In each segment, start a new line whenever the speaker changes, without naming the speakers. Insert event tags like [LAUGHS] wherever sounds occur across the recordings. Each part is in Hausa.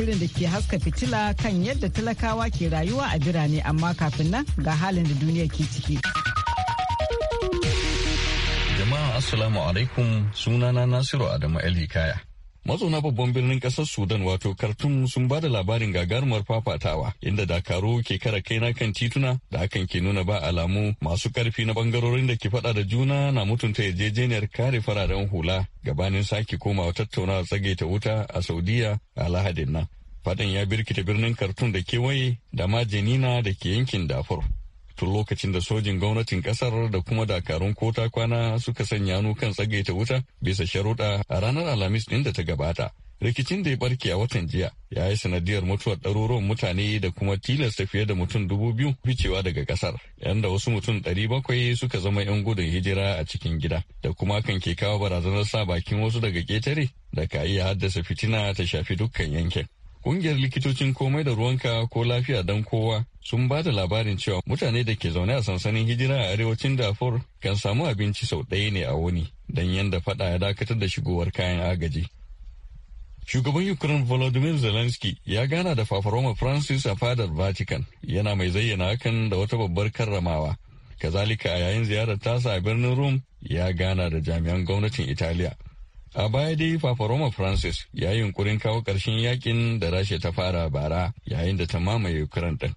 shirin da ke haska fitila kan yadda talakawa ke rayuwa a birane amma kafin nan ga halin da duniya ke ciki.
Jama'a Assalamu alaikum sunana Nasiru Adamu El Hikaya. Mazauna babban birnin ƙasar Sudan wato kartun sun ba da labarin gagarumar fafatawa inda Dakaro ke kara kaina kan tituna da hakan ke nuna ba alamu masu ƙarfi na bangarorin da ke faɗa da juna na mutunta yarjejeniyar kare fararen hula gabanin sake komawa tattaunawa tsagaita wuta a Saudiya a Lahadin nan. Fadan ya birkita birnin kartun da kewaye da ma Jenina da ke yankin Dafur. tun lokacin da sojin gwamnatin kasar da kuma dakarun kota kwana suka sanya hannu kan tsagaita wuta bisa sharuɗa a ranar alhamis ɗin da ta gabata rikicin da ya barke a watan jiya ya yi sanadiyar mutuwar ɗaruruwan mutane da kuma tilasta fiye da mutum dubu biyu ficewa daga ƙasar yanda wasu mutum ɗari bakwai suka zama 'yan gudun hijira a cikin gida da kuma kan ke kawo barazanar sa bakin wasu daga ƙetare da ka iya haddasa fitina ta shafi dukkan yankin Ƙungiyar likitocin komai da ruwanka ko lafiya don kowa sun ba da labarin cewa mutane da ke zaune a sansanin hijira a arewacin dafor kan samu abinci sau ɗaya ne a wuni don yadda faɗa ya dakatar da shigowar kayan agaji. Shugaban Ukraine Volodymyr Zelensky ya gana da Fafaroma Francis a fadar Vatican yana mai zayyana hakan da wata babbar karramawa. Kazalika a yayin ziyarar tasa a birnin Rome ya gana da jami'an gwamnatin Italiya. A baya dai Fafaroma Francis ya yi yunkurin kawo ƙarshen yakin da Rasha ta fara bara yayin da ta mamaye Ukraine ɗin.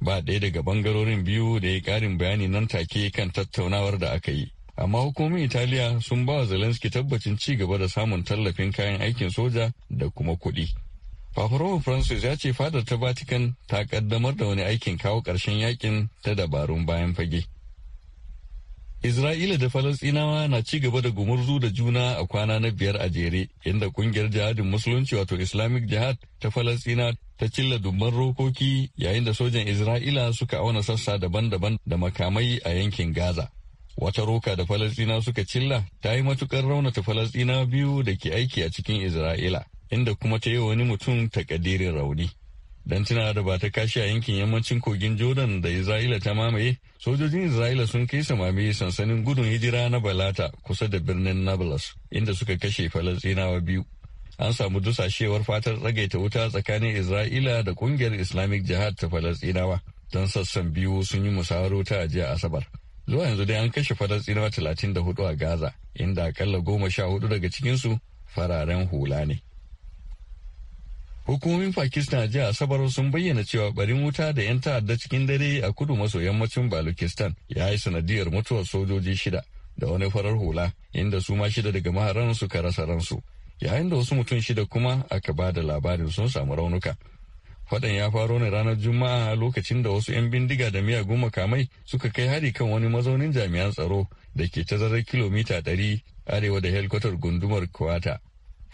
Ba ɗaya daga bangarorin biyu da ya ƙarin bayani nan take kan tattaunawar da aka yi. Amma hukumomin Italiya sun ba wa Zelensky tabbacin ci gaba da samun tallafin kayan aikin soja da kuma kuɗi. Fafaroma Francis ya ce fadar ta Vatican ta ƙaddamar da wani aikin kawo ƙarshen yakin ta dabarun bayan fage. Isra'ila da Falasɗinawa na ci gaba da gumurzu da juna a kwana na biyar a jere, inda kungiyar jihadin Musulunci wato Islamic Jihad ta Falasɗina ta cilla dubban rokoki yayin da sojan Isra'ila suka auna sassa daban-daban da makamai a yankin Gaza. Wata roka da Falasɗina suka cilla ta yi matukar raunata Falasɗina biyu da ke aiki a cikin Isra'ila, inda kuma ta yi wani mutum takadirin rauni. don tunawa da ba ta kashi a yankin yammacin kogin jordan da isra'ila ta mamaye sojojin isra'ila sun kai samami sansanin gudun hijira na balata kusa da birnin nablus inda suka kashe falastinawa biyu an samu dusashewar fatar tsagaita wuta tsakanin isra'ila da kungiyar islamic jihad ta falastinawa don sassan biyu sun yi musawar wuta a jiya asabar zuwa yanzu dai an kashe falastinawa talatin da hudu a gaza inda akalla goma sha hudu daga cikinsu fararen hula ne Hukumomin Pakistan a jiya Asabar sun bayyana cewa barin wuta da 'yan ta'adda cikin dare a kudu maso yammacin Balochistan ya yi sanadiyar mutuwar sojoji shida da wani farar hula inda su ma shida daga maharan ka rasa ransu yayin da wasu mutum shida kuma aka ba da labarin sun samu raunuka. Fadan ya faro ne ranar Juma'a lokacin da wasu 'yan bindiga da miyagun makamai suka kai hari kan wani mazaunin jami'an tsaro da ke tazarar kilomita 100 arewa da helkwatar gundumar Kwata.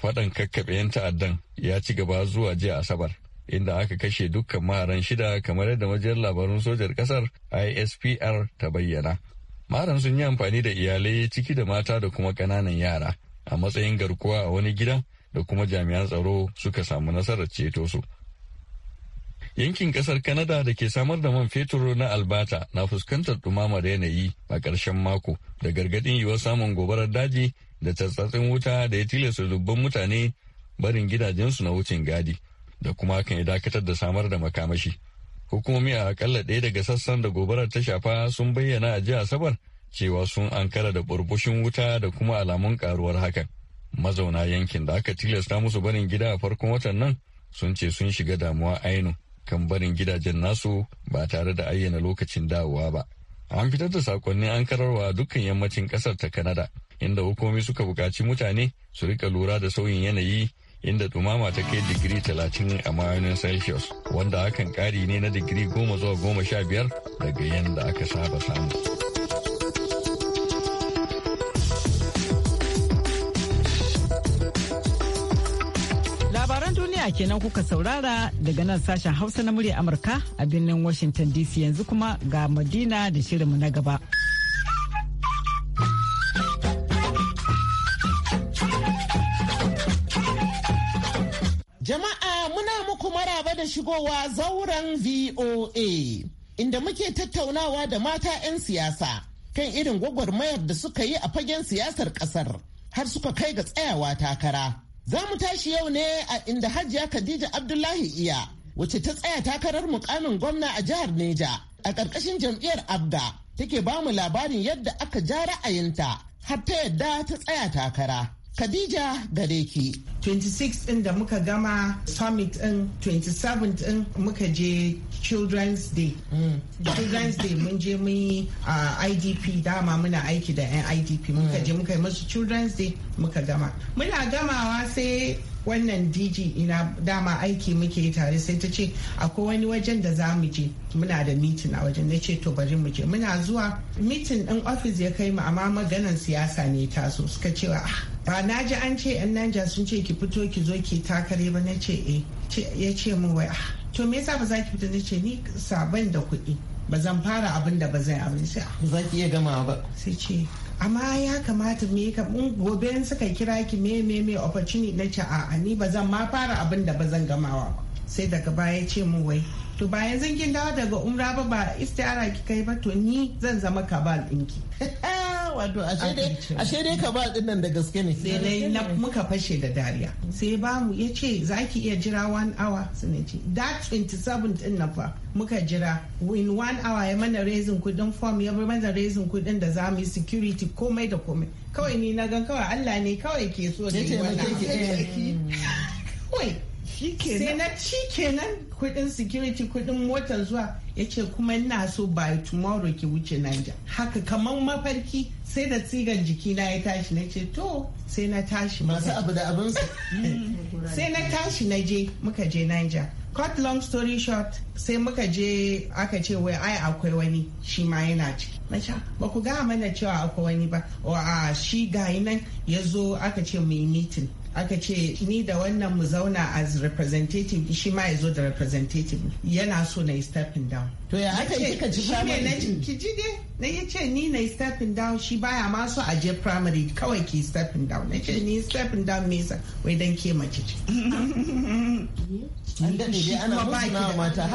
faɗan kakkaɓe 'yan ta'addan ya ci gaba zuwa jiya asabar inda aka kashe dukkan maharan shida kamar yadda majiyar labarun sojar ƙasar ISPR ta bayyana. maran sun yi amfani da iyalai ciki da mata da kuma ƙananan yara a matsayin garkuwa a wani gidan da kuma jami'an tsaro suka samu nasarar ceto su. Yankin kasar Kanada da ke samar da man fetur na Albata na fuskantar dumamar yanayi a ƙarshen mako da gargaɗin yiwuwar samun gobarar daji da tsattsatsin wuta da ya tilasta dubban mutane barin gidajensu na wucin gadi da kuma kan ya dakatar da samar da makamashi. Hukumomi a akalla ɗaya daga sassan da gobarar ta shafa sun bayyana a jiya Asabar cewa sun ankara da burbushin wuta da kuma alamun ƙaruwar hakan. Mazauna yankin da aka tilasta musu barin gida a farkon watan nan sun ce sun shiga damuwa ainu kan barin gidajen nasu ba tare da ayyana lokacin dawowa ba. An fitar da sakonni an kararwa dukkan yammacin kasar ta Kanada inda hukumomi suka bukaci mutane su rika lura da sauyin yanayi inda dumama ta kai digiri 30 a mayanin celsius wanda hakan ƙari ne na digiri 10 zuwa 15 daga yadda aka saba samu.
labaran duniya kenan kuka saurara daga nan sashen hausa na murya amurka a birnin washington dc yanzu kuma ga madina da shirinmu na gaba.
sake shigowa zauren VOA inda muke tattaunawa da mata 'yan siyasa kan irin gwagwarmayar da suka yi a fagen siyasar kasar har suka kai ga tsayawa takara. Za mu tashi yau ne a inda Hajiya Khadija Abdullahi Iya wacce ta tsaya takarar mukamin gwamna a jihar Neja a ƙarƙashin jam'iyyar Abda take ba mu labarin yadda aka ja ra'ayinta har ta yadda ta tsaya takara. Khadija gare ki. 26 ɗin da muka gama summit ɗin 27 ɗin
muka je Children's Day. Mm. Children's Day mun je mun yi uh, IDP dama muna aiki da 'yan IDP muka mm. je muka yi masu Children's Day muka gama. Muna gamawa sai wannan dj ina dama aiki muke tare sai ta ce akwai wani wajen da za mu je muna da mitin a wajen na ce to bari mu je muna zuwa mitin din ofis ya kai mu amma maganan siyasa ne taso suka ce ah, ba na ji an ce yan naija sun ce ki fito ki zo ki takare ba na ce eh ya ce mu wai ah to me yasa ba za ki fita na ce ni sabon da kuɗi ba zan fara abin da ba zan abin sai ah. za ki iya gama ba sai ce amma ya kamata me ka in gobe suka kira ki me me me opportunity na ce a'a ni ba zan ma fara abin da ba zan gamawa ba sai daga baya ce mu wai to bayan zan kin dawo daga umra ba ba istiara ki kai ba to ni zan zama kabal ɗinki [LAUGHS] wato she dai ka ba dinnan da gaske ne sai dai na muka fashe da dariya sai ba mu ya ce za ki iya jira one hour suna ce that 27 din na fa muka jira in one hour ya mana raising kudin form ya mana raising kudin da za mu yi security komai da komai kawai ni na gan kawai Allah ne kawai ke so da yi wannan
eh.
[LAUGHS] sai na kenan kudin security kudin motar zuwa yace kuma ina so by tomorrow ki wuce Niger haka kamar mafarki sai da tsigan jikina ya tashi na ce to sai na tashi masu abu da abin [LAUGHS] sai na tashi na je muka je Niger cut long story short sai muka je aka ce wai ai akwai wani shi ma yana ciki na ah, ba ku ga mana cewa akwai wani ba a ah, shi gayi nan ya zo aka ce mai meeting aka ce ni da wannan mu zauna as representative shi ma ya zo da representative yana so na yi stepping down to ya aka yi kika ji primary ki ji dai na ya ce ni na yi stepping down shi baya ma so a je primary kawai ki stepping down na ce ni stepping down me yasa wai dan ke mace ce
an ana mata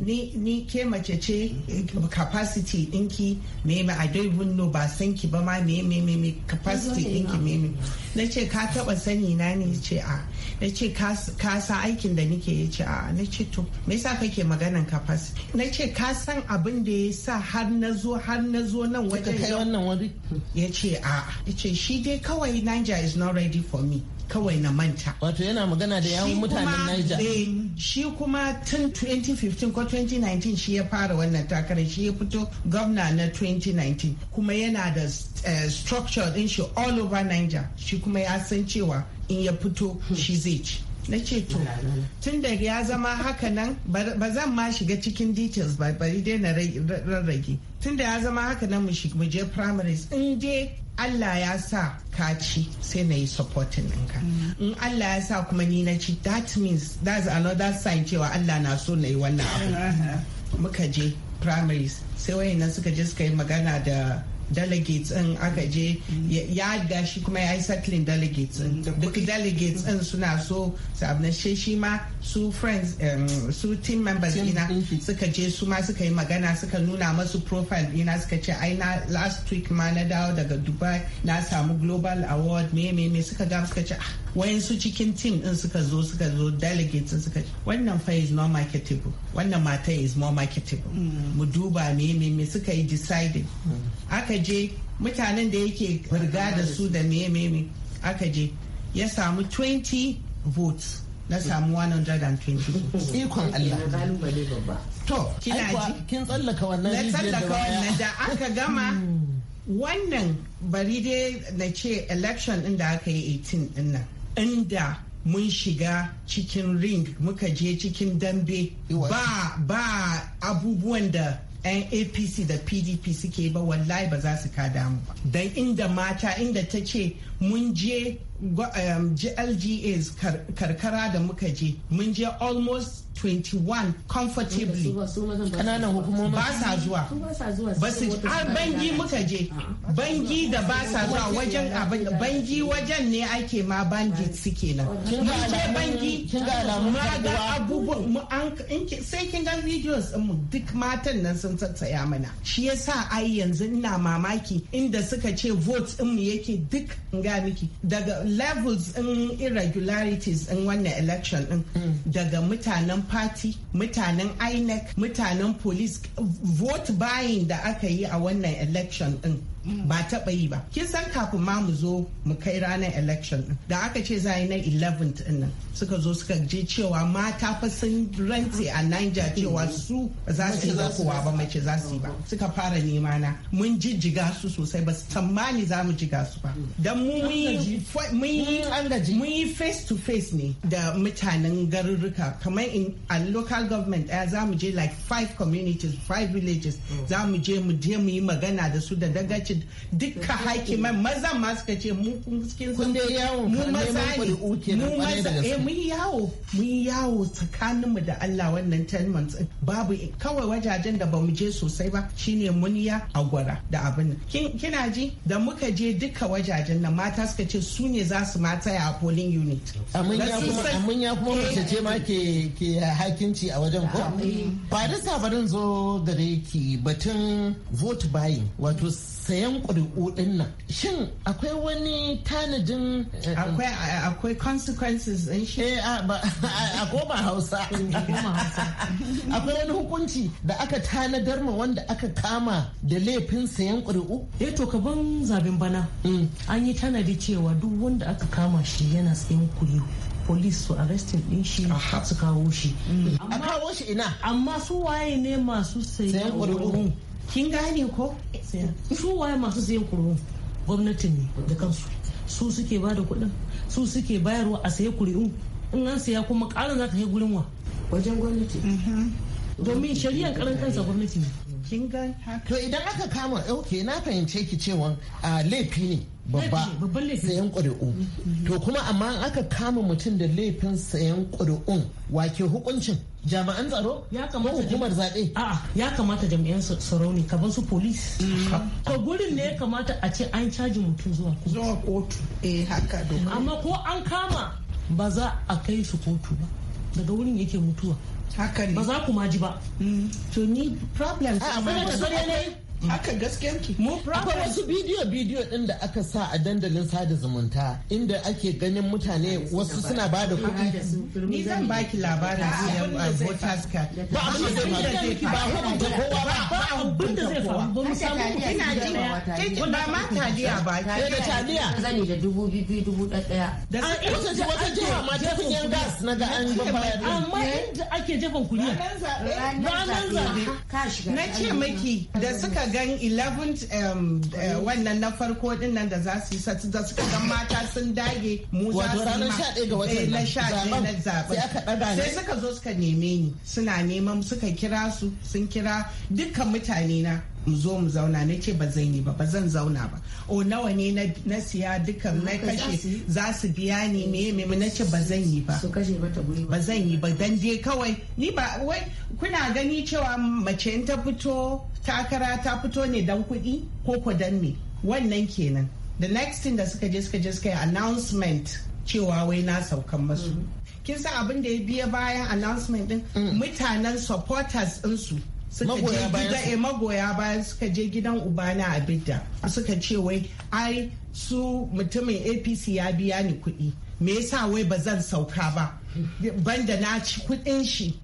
ni ke mace ce capacity dinki meme I don't even know ba san ki ba ma meme me capacity dinki meme na ce ka taba sani ƙani na ne ce a na ce ka san aikin da nike ya ce a na ce to me yasa kake maganan kafas na ce ka san abin da ya sa har na zo har na zo nan wajen kai wannan wani. ya ce a ya ce shi dai kawai Niger is not ready for me
kawai na manta. Wato yana magana da yawun mutanen Niger. Eh,
shi kuma tun 2015 ko 2019 shi ya fara wannan takarar shi ya fito gwamna na 2019 kuma yana da eh, structure din shi all over Niger shi kuma ya san cewa in ya fito shi zai ci na ce to tun da ya zama haka nan ba zan ma shiga cikin details ba bari dai na rarrage tun da ya zama haka nan mu je primaries in je Allah ya sa ka sai na yi supporting ɗinka. In Allah ya sa kuma ni na ci that means that's another sign cewa Allah na so na yi wannan abu. [LAUGHS] Muka je primaries sai wayannan suka je suka yi magana da delegates in aka je ya yadda shi kuma ya yi settling delegates in duk delegates in suna so su abinashe shi ma su friends su team members ina suka je su ma suka yi magana suka nuna masu profile ina suka ce ai last week ma na dawo daga dubai na samu global award me me me suka ga suka ce ah wayansu cikin team din suka zo suka zo delegates suka wannan fa is not marketable wannan mata is more marketable mm. mu duba me me me suka yi deciding mm. aka je mutanen da yake burga da su da me me me aka je ya samu 20 votes na samu 120 [LAUGHS] ikon Allah to kina ji kin tsallaka wannan na tsallaka wannan da aka gama [LAUGHS] hmm. wannan bari dai na ce election din da aka yi 18 din nan inda mun shiga cikin ring muka je cikin dambe ba ba abubuwan da 'yan apc da pdp suke ba wallahi ba za su ka damu ba don inda mata inda ta ce mun je GLGAs karkara da muka je mun je almost 21 comfortably kananan hukumomi ba sa zuwa ba su bangi muka je ah, bangi da ba sa zuwa wajen bangi wajen ne ake ma bandit ah. suke nan mun je bangi ma ga abubuwan sai kin ga videos mu duk matan nan sun tattaya mana shi yasa ai yanzu ina mamaki inda suka ce votes mu yake duk ga miki daga levels in irregularities in wannan election din daga mutanen party mutanen inec mutanen police vote buying da aka yi a wannan election din ba taɓa yi ba kin san kafin ma mu zo mu kai ranar election da aka ce za a yi na 11th din nan suka zo suka je cewa mata fa sun rantse a Niger cewa su za su yi ba kowa ba mace za su yi ba suka fara nema na mun jijjiga su sosai ba su tsammani za mu jiga su ba dan mu mun yi face to face ne da mutanen garuruka kamar in a local government ɗaya za mu je like five communities five villages mm. za mu je mu je mu yi magana da su da dagacin lokacin dukka hakiman maza ma suka ce mu cikin sun mu maza ne mu maza eh mun yawo mun yawo tsakanin mu da Allah wannan 10 months babu kawai wajajen da bamu je sosai ba shine muniya agwara da abin kina ji da muka je duka wajajen nan mata suka ce su ne za su mata ya polling
unit amin ya kuma mace ce ma ke ke hakinci a wajen ko ba da sabarin zo gare ki batun vote buying wato sayan kuri'u ɗin nan shin akwai wani tanadin eh, eh, eh, akwai consequences ɗin shi eh a [LAUGHS] [LAUGHS] hausa akwai wani hukunci da aka tanadar ma wanda aka kama da laifin sayan ƙuri'u eh to kaban zaben bana mm. an yi tanadi cewa duk wanda aka kama shi yana sayan ƙuri'u police su arrestin din shi su kawo shi. A kawo shi ina. Amma su waye ne masu sayan ƙuri'u kin gane ko su waye masu siyan kur'un gwamnatin ne da kansu su suke ba da kuɗin su suke bayarwa a saye kuri'un in an saya kuma ƙarin za ta gurin wa wajen gwamnati mm-hmm.
domin shari'ar karan kansa
gwamnati ne kin gane to idan aka kama ok na fahimce ki cewa a laifi ne babba sayan ƙuri'u mm-hmm. to kuma amma aka kama mutum da laifin sayan ƙuri'un wake hukuncin jami'an tsaro ya kamata hukumar zaɓe ya kamata jami'an tsaro ne kaban su police mm. ka gurin ne ya kamata a ce an caji mutum zuwa kotu zuwa kotu eh, amma ko an kama ba za a kai su kotu ba daga wurin yake mutuwa ba za ku ma ji ba mm. to ni problem a amma da haka gaskiya ki akwai wasu bidiyo bidiyo din da aka sa a dandalin sada zumunta inda ake ganin mutane wasu suna ba da kuɗi ni zan baki labarin zuwa ah, voters card
ba a da zai faru ba hukunta kowa ba ba abin da zai faru ba mu samu kina ji ba ma taliya ba da taliya zan
yi da dubu biyu dubu ɗaya da wata wata jiha ma ta kunyan gas na ga an ba amma inda ake jefan kuliya ranar zabe na ce miki
da suka suka gan 11 um, uh, wannan na farko din nan da za su yi da suka gan mata sun dage mu za su yi ma eh, na sha na sai suka zo suka neme ni suna neman suka kira su sun kira dukkan mutane na mu zo mu zauna na ce ba zan yi ba ba zan zauna ba o nawa ne na siya duka na kashe za su biya ni me me na ce ba zan yi ba ba zan yi ba dan dai kawai ni ba wai kuna gani cewa mace in ta fito takara ta fito ne dan kuɗi ko ko dan me wannan kenan the next thing da suka je suka je suka yi announcement cewa wai na saukan masu mm-hmm. kin san abin da ya biya bayan announcement din mm. mutanen supporters din su Eh, magoya bayan suka je gidan ubana a bidda suka ce wai ai su mutumin apc ya biya ni kuɗi me yasa wai ba zan sauka ba banda na ci kuɗin shi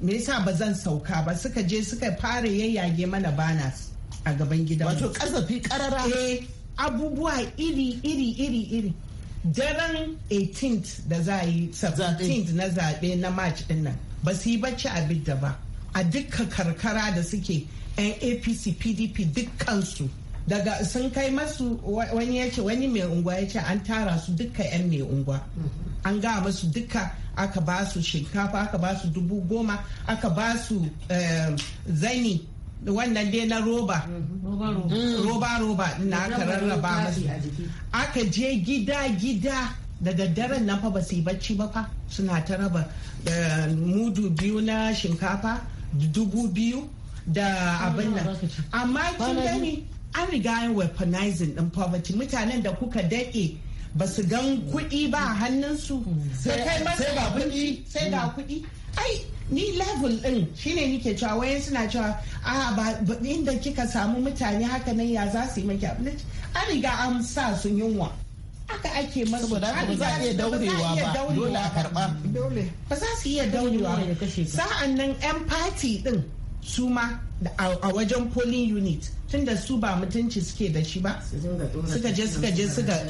me yasa ba zan sauka ba suka je suka fara yayyage mana banas a gaban gidan wato karfafi karara eh abubuwa iri iri iri iri daren 18th da za a yi 17th na zaɓe na march din nan ba su yi bacci a bidda ba a dukkan karkara da suke yan apc pdp dukkansu daga sun kai masu wani ya ce wani mai unguwa ya ce an tara su dukka yan mai unguwa mm-hmm. an ga masu dukka aka ba su shinkafa aka ba su dubu goma aka ba su eh, zani wannan dai na roba
mm-hmm. roba roba mm. na aka rarraba masu
aka je gida gida daga daren nan fa ba su yi bacci ba fa suna ta raba eh, mudu biyu na shinkafa dubu biyu da abin nan amma kin gani an riga an weaponizing din poverty mutanen da kuka daɗe ba su gan kuɗi ba a hannunsu sai hmm. kai masa ga kuɗi sai ga hmm. kuɗi ai ni level din shine nike cewa wayan suna cewa a ba inda kika samu mutane haka nan ya za su yi maki an riga an sa su yunwa aka ake masu ba za a iya daurewa ba dole a
karba
ba za su iya daurewa sa'an nan yan fati din su ma a wajen polling unit da su ba mutunci suke da shi ba suka je suka je suka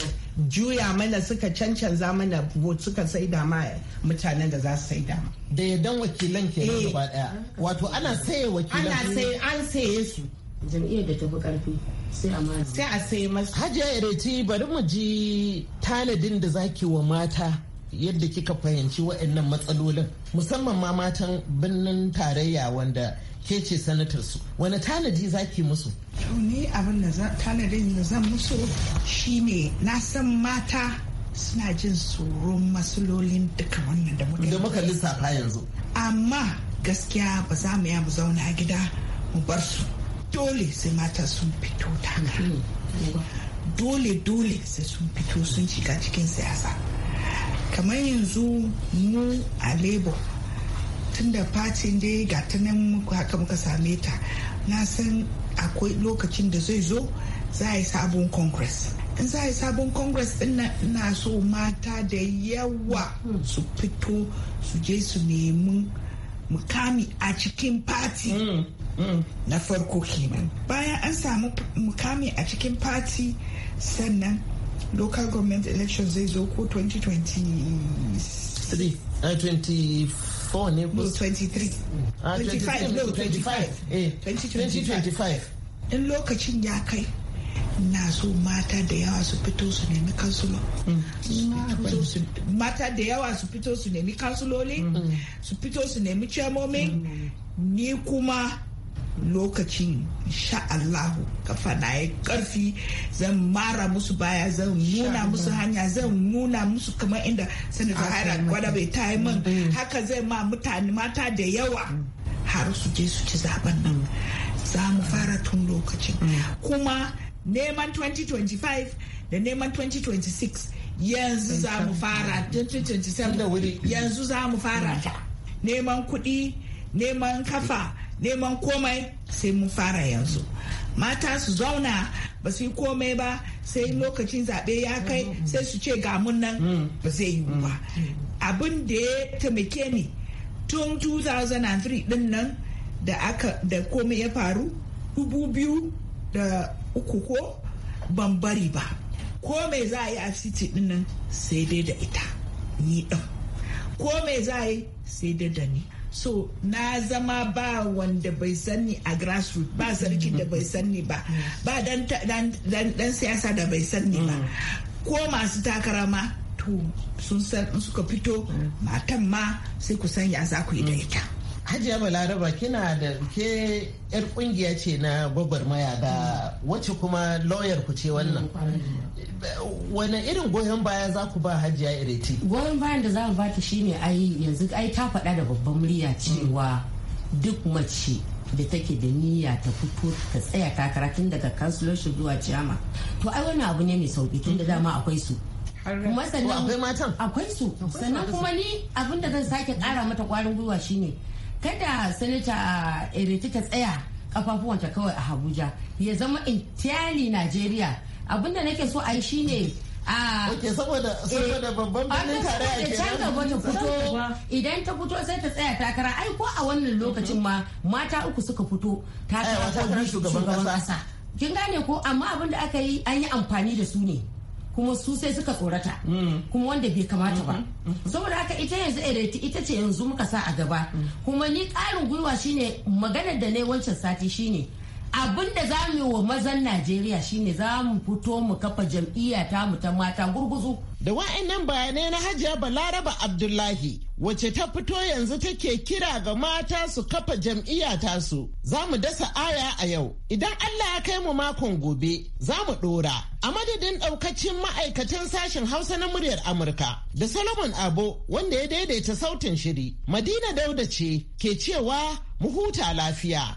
juya mana suka cancanza mana vote suka saida ma mutanen da za su saida ma da dan wakilan kenan eh. gaba
daya wato ana saye wakilan ana saye an saye su jam'iyyar da fi karfi sai a sai a sai masu hajiya ireti bari mu ji tanadin da zaki wa mata yadda kika fahimci waɗannan matsalolin musamman ma matan birnin tarayya wanda ke ce sanatar su wani tanadi zaki musu Yau ne abin da tanadin da zan musu shine na san mata suna jin
tsoron masalolin duka wannan da muka da
muka lissafa yanzu
amma gaskiya ba za mu ya mu zauna gida mu bar su dole sai mata sun fito ta dole dole sai sun fito sun shiga cikin siyasa kamar yanzu mu a labour tun da fatin dai ga ta haka muka same ta na san akwai lokacin da zai zo za a yi sabon congress in za a yi sabon congress din na so mata da yawa su fito su je su nemi mukami a cikin party. Mm. Mm. na farko kenan bayan an samu mukami a cikin party sannan local government election zai zo ko
2023 24 eh, ne ko
2025
ah, eh, in lokacin ya
kai na so mata da yawa su fito su nemi kansulo mm. mata da yawa su fito su nemi kansuloli mm. su fito su nemi cemomi ni kuma lokacin sha Allahu ka faɗa ya ƙarfi zan mara musu baya zan nuna musu hanya zan nuna musu kamar inda sanata haira gwada bai ta yi min mm-hmm. haka zai ma mutane mata da yawa mm. har su je su ci zaben nan za mu mm. fara tun lokacin mm. kuma neman 2025 da neman 2026 yanzu za mu fara 2027 yanzu za mu fara ta neman kuɗi neman kafa neman komai sai mun fara yanzu mata su zauna ba su yi komai ba sai lokacin zaɓe ya kai sai su ce ga mun nan ba zai yiwu ba abin da ya taimake ni tun 2003 din nan da aka da komai ya faru dubu biyu da uku ko ban bari ba komai za a yi a city din nan sai dai da ita ni ɗan komai za a yi sai dai da ni so na zama ba wanda bai sanni a grassroot ba sarki da bai sani ba ba dan siyasa da bai sanni ba ko masu takara ma to
sun san suka fito matan ma sai ku sanya za ku yi da ita hajiya balaraba kina da ke yar kungiya ce na babbar maya da wacce kuma lawyer ku ce wannan mm, Wane irin goyon baya za ku ba hajiya ireti goyon bayan da za mu bata shine ai yanzu ai ta faɗa da babban murya cewa duk mace da take da niyya ta fito ta tsaya takara tun daga kansulorship zuwa ciyama to ai wani abu ne mai sauki tun da dama akwai su kuma sannan akwai akwai su sannan kuma ni abin da zan sake kara mata kwarin gwiwa shine kada sanata eh, ireti ta tsaya kafafuwanta kawai a Habuja ya zama intiyali najeriya abinda nake so a yi shine ah, Oke eh, saboda babban birnin tarayya kenan. ta fito idan ta fito sai ta tsaya takara ai ko a wannan lokacin ma mata uku suka fito takara eh, ko shugaban kasa. Kin gane ko amma abinda aka yi an yi amfani da su ne. kuma su sai suka tsorata mm. kuma wanda bai kamata ba mm-hmm. Mm-hmm. saboda haka ita yanzu ereti ita ce yanzu muka sa a gaba mm. kuma ni karin gwiwa shine maganar da ne wancan sati shine abin da za mu yi wa mazan najeriya shine za mu fito mu kafa jam'iyya ta mu ta mata gurguzu da wa'annan bayanai na hajiya balaraba abdullahi wace ta fito yanzu take kira ga mata su kafa jam'iyya ta su za mu dasa aya a yau idan allah ya kai mu makon gobe za mu dora a madadin daukacin ma'aikatan sashen hausa na muryar amurka da solomon abo wanda ya daidaita sautin shiri madina dauda ce ke cewa mu huta lafiya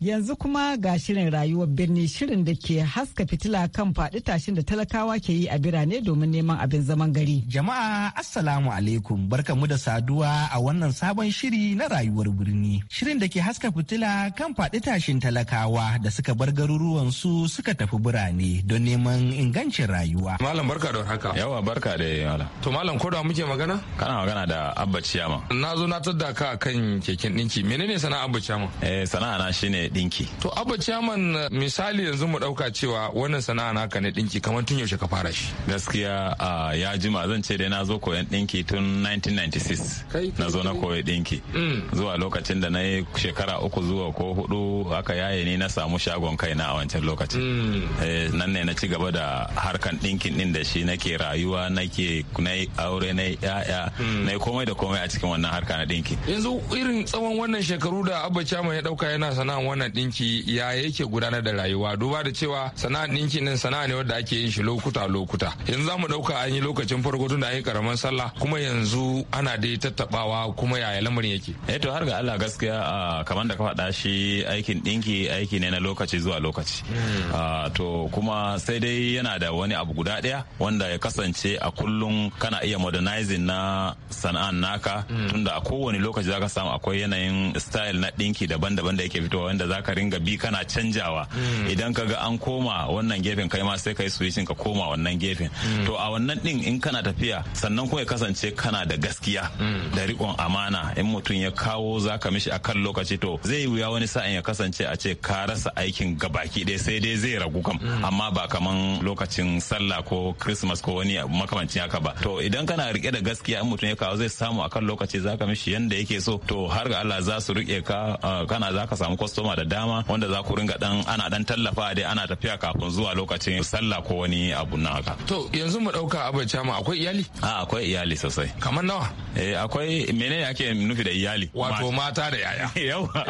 Yanzu kuma ga shirin rayuwar birni shirin da ke haska fitila kan faɗi tashin da talakawa ke yi a birane
domin neman abin zaman gari. Jama'a Assalamu alaikum barkamu da saduwa a wannan sabon shiri na rayuwar birni. Shirin da ke haska fitila kan faɗi tashin talakawa da suka bar garuruwan su suka tafi birane don neman ingancin rayuwa.
Malam barka da haka. Yawa barka da yawa. To malam ko da muke magana? Kana magana da Abba Ciyama. Na zo na tadda ka kan keken ɗinki menene sana'a Abba Ciyama? Eh sana'a na
shine Dinki.
To abba ciyaman misali yanzu mu ɗauka cewa wannan sana'a naka na dinki kamar tun yaushe ka fara shi.
Gaskiya ya jima zan ce dai na zo koyan ɗinki tun 1996 na zo na koyi ɗinki. Mm. Zuwa lokacin da na yi shekara uku zuwa ko hudu aka yaye ni na samu shagon kaina a wancan lokacin. Mm. Eh, nan ne na ci gaba da harkan dinkin ɗin da shi nake rayuwa nake na aure na ya'ya mm. na komai da komai a cikin wannan harka na
dinki. Yanzu irin tsawon wannan shekaru da abba ciyaman ya ɗauka yana wannan. wannan dinki ya yake gudanar da rayuwa duba da cewa sana'a dinki nan sana'a ne wadda ake yin shi lokuta lokuta yanzu za mu an yi lokacin farko tun da an yi sallah kuma yanzu ana dai tattabawa kuma yaya lamarin yake.
eh to har ga Allah gaskiya kamar da ka faɗa shi aikin dinki aiki ne na lokaci zuwa lokaci hmm. to kuma sai dai yana da wani abu guda ɗaya wanda ya kasance a kullum kana iya modernizing na sana'an naka hmm. tunda a kowane lokaci zaka samu akwai yanayin style na ɗinki daban-daban da yake fitowa wanda za ka ringa bi kana canjawa hmm. idan ka ga an koma wannan gefen kai ma sai ka yi switching ka koma wannan gefen hmm. to a wannan din in kana tafiya sannan kuma ya kasance kana da gaskiya hmm. da rikon amana in mutum ya kawo za ka mishi akan lokaci to zai wuya wani sa'in ya kasance a ce ka rasa aikin gabaki ɗaya sai dai zai ragu kam amma ba kaman lokacin sallah ko christmas ko wani makamancin haka ba to idan kana rike da gaskiya in mutum ya kawo zai samu akan lokaci za ka mishi yanda yake so to har ga Allah za su rike ka ah, kana za ka samu kwastoma da dama wanda za ku ringa dan ana dan tallafa dai ana tafiya kafin zuwa lokacin sallah ko wani abu na haka
to yanzu mu dauka abin chama akwai iyali a
akwai iyali sosai kamar nawa eh akwai mene yake nufi da iyali wato mata
da yaya [LAUGHS] yawa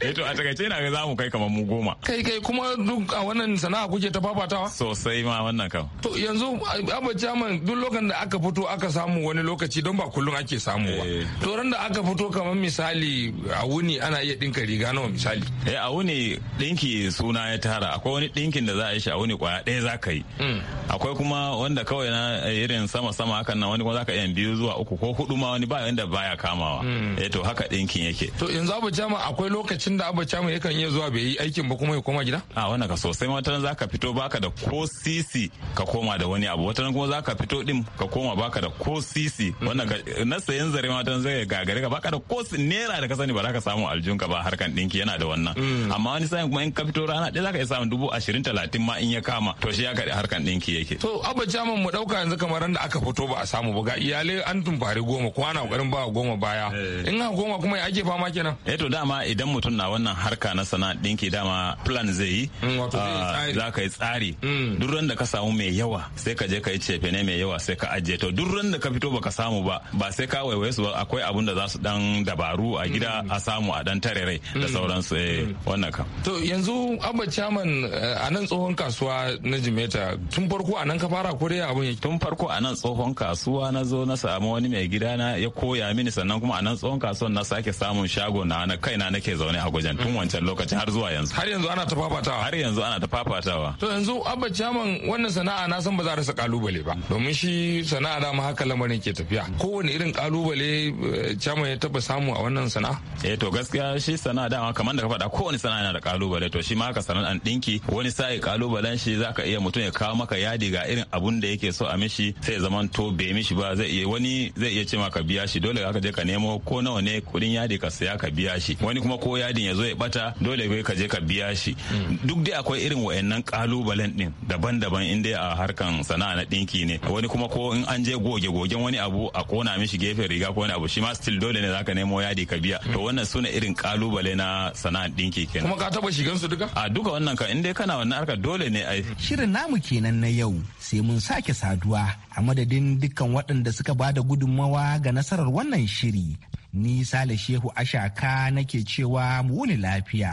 eh to a takaice ina ga mu kai kamar mu goma
kai kai kuma duk a wannan sana'a kuke ta fafatawa
sosai ma wannan kan.
to yanzu abin chama duk lokacin da aka fito aka samu wani lokaci don ba kullum ake samu ba eh. to ran da aka fito kamar misali a wuni ana iya dinka riga nawa misali eh a wuni dinki
suna ya tara akwai wani dinkin da za a yi shi a wuni kwaya ɗaya za ka yi hmm. akwai kuma wanda kawai na eh, irin sama sama hakan nan wani kuma za ka iya biyu zuwa uku ko hudu ma wani ba yanda baya kamawa hmm. eh to haka dinkin yake
to yanzu abu jama akwai lokacin da abu jama yakan iya zuwa bai yi aikin ba kuma ya koma gida
a wannan ka sosai ma wata za ka fito baka da ko sisi ka koma da wani abu wata kuma za ka fito din ka koma baka da ko sisi hmm. wannan na sayan zare ma wata zai gagare ka baka da ko naira da ka sani ba za ka samu aljunka ba harkan dinki yana da wannan mm. amma wani sa'in kuma in ka fito rana ɗaya zaka iya samun dubu ashirin talatin ma in ya kama to shi ya kaɗi harkan ɗinki yake. to abba jaman mu ɗauka yanzu kamar ran da aka fito ba a samu ba ga iyalai an tumfari goma kuma ana ƙoƙarin ba goma baya
eh.
in ha goma kuma ya ake fama kenan.
eh to dama idan mutum na wannan harka na sana'a ɗinki dama plan zai yi. Mm, ah, za ka yi tsari mm. duk da ka samu mai yawa sai ka je ka yi ne mai yawa sai ka ajiye to duk da ka fito baka samu ba ba sai ka waiwaye su ba akwai abun da za su dan dabaru a gida a samu a dan tare rai da sauransu Eh, mm. wannan kan
to yanzu abba chairman eh, a nan tsohon kasuwa na jimeta tun farko a nan ka fara ko dai abun
tun farko a nan tsohon kasuwa na zo na samu wani mai gida na ya koya mini sannan kuma a nan tsohon kasuwan na sake samun shago na na kaina nake zaune a gujen tun mm. wancan lokacin har zuwa yanzu har yanzu ana ta
fafatawa har yanzu ana ta fafatawa to yanzu abba chairman wannan sana'a na san ba za rasa kalubale ba domin shi sana'a da ma haka lamarin ke tafiya kowane irin kalubale eh, chairman ya taba samu a wannan sana'a eh to gaskiya shi sana'a dama kamar da faɗa kowane sana'a yana da kalubale to shi ma
haka sana'an ɗinki wani sa'i kalubalen shi zaka iya mutum ya kawo maka yadi ga irin abun da yake so a mishi sai zaman to bai mishi ba zai iya wani zai iya ce ka biya shi dole ka je ka nemo ko nawa ne kuɗin yadi ka saya ka biya shi wani kuma ko yadin ya zo ya bata dole kai ka je ka biya shi duk dai akwai irin wayannan kalubalen din daban-daban in dai a harkan sana'a na ɗinki ne wani kuma ko in an je goge-gogen wani abu a kona mishi gefen riga ko wani abu shi ma still dole ne zaka nemo yadi ka biya to wannan sune irin kalubale na sana'a sana'ar dinki kenan kuma ka taba shigan su duka a duka wannan ka in dai kana wannan harka dole ne ai
shirin namu kenan na yau sai mun sake saduwa a madadin dukkan waɗanda suka bada gudunmawa ga nasarar wannan shiri ni sale shehu ashaka nake cewa mu wuni lafiya.